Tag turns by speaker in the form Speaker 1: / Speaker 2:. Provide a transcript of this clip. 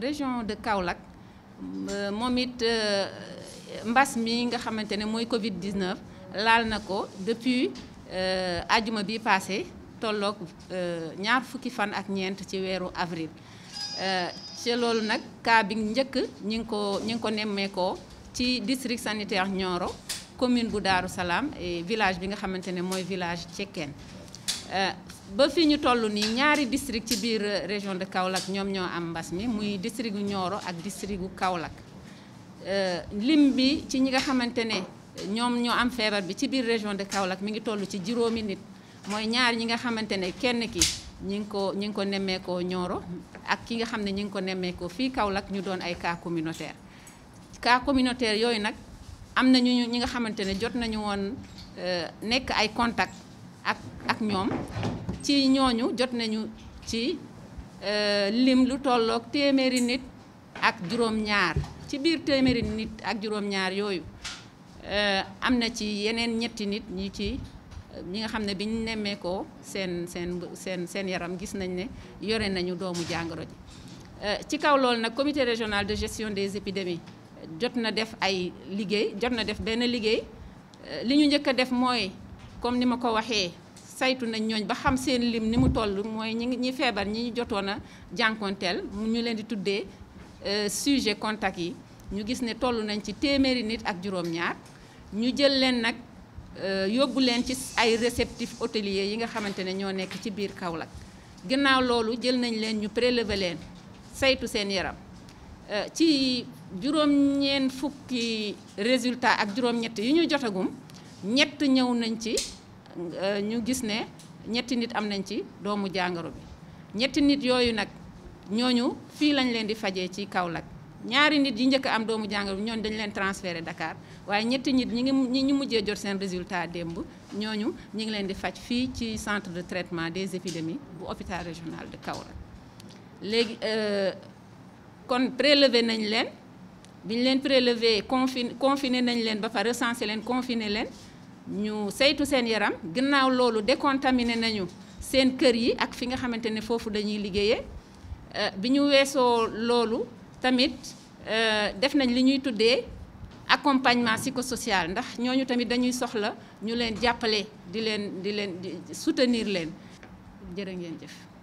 Speaker 1: région de Kaolack euh, Momit it euh, a mi nga xamantene moy Covid 19 lal nako depuis depuis aljuma bi passé tolloog euh, ñaar fukki fan ak ñent ci wéru avril ci loolu nak ka bi ñing ko ñing ko némé ko ci district sanitaire Nioro commune bu Daaru Salam et village bi nga xamantene moy village Cheken Euh, ba fi ñu toll nii ñaari district ci biir euh, région de Kaolack ñoom ñoo am mbas mi muy district gu Nioro ak district gu Kaolack euh, lim bi ci ñi nga xamante ne ñoom ñoo am feebar bi ci biir région de Kaolack mi ngi toll ci juróomi nit mooy ñaari ñi nga xamante ne kenn ki ñi ngi ko ñi ngi ko nemmeekoo Nioro ak ki nga xam ne ñi ngi ko nemmeekoo fii Kaolack ñu doon ay cas communautaire cas communautaire yooyu nag am na ñu ñi nga xamante ne jot nañu woon nekk ay contact ak ñoom ci ñooñu jot nañu ci euh, lim lu tolloog téeméeri nit ak juróom-ñaar ci biir téeméeri nit ak juróom-ñaar yooyu euh, am na ci yeneen ñetti nit ñi ci ñi nga xam ne bi ñu nemmeekoo seen seen seen seen yaram gis nañ ne yore nañu doomu jàngoro ji euh, ci kaw loolu nag commité régional de gestion des épidémies jot na def ay liggéey jot na def benn liggéey li ñu njëkk a def mooy comme ni ma ko waxee saytu nañ ñooñ ba xam seen lim ni mu toll mooy ñi ñi feebar ñi ñu jotoon a mu ñu leen di tuddee euh, sujet contact yi ñu gis ne toll nañ ci téeméeri nit ak juróom-ñaar ñu jël leen nag euh, yóbbu leen ci ay réceptif hôtelier yi nga xamante ne ñoo nekk ci biir Kaolack gannaaw loolu jël nañ leen ñu prélever leen saytu seen yaram euh, ci juróom ñeen fukki résultat ak juróom-ñett yi ñu jotagum ñett ñëw nañ ci Euh, ñu gis ne ñetti nit am nañ ci doomu jàngoro bi ñetti nit yooyu nag ñooñu fii lañ leen di fajee ci Kaolack ñaari nit yi njëkk am doomu jàngoro bi ñooñu dañu leen transféré Dakar waaye ñetti nit ñi ngi ñi ñu mujjee jot seen résultat démb ñooñu ñi ngi leen di faj fii ci centre de traitement des épidémies bu hôpital régional de Kaolack léegi euh, kon prélevé nañ leen bi ñu leen prélever confiné confiné nañ leen ba pare recensé leen confiné leen ñu saytu seen yaram gannaaw loolu décontaminé nañu seen kër yi ak fi nga xamante ne foofu dañuy liggéeye euh, bi ñu weesoo loolu tamit euh, def nañ li ñuy tuddee accompagnement psychosocial ndax ñooñu tamit dañuy soxla ñu leen jàppale di leen di leen soutenir leen jërë ngeen jëf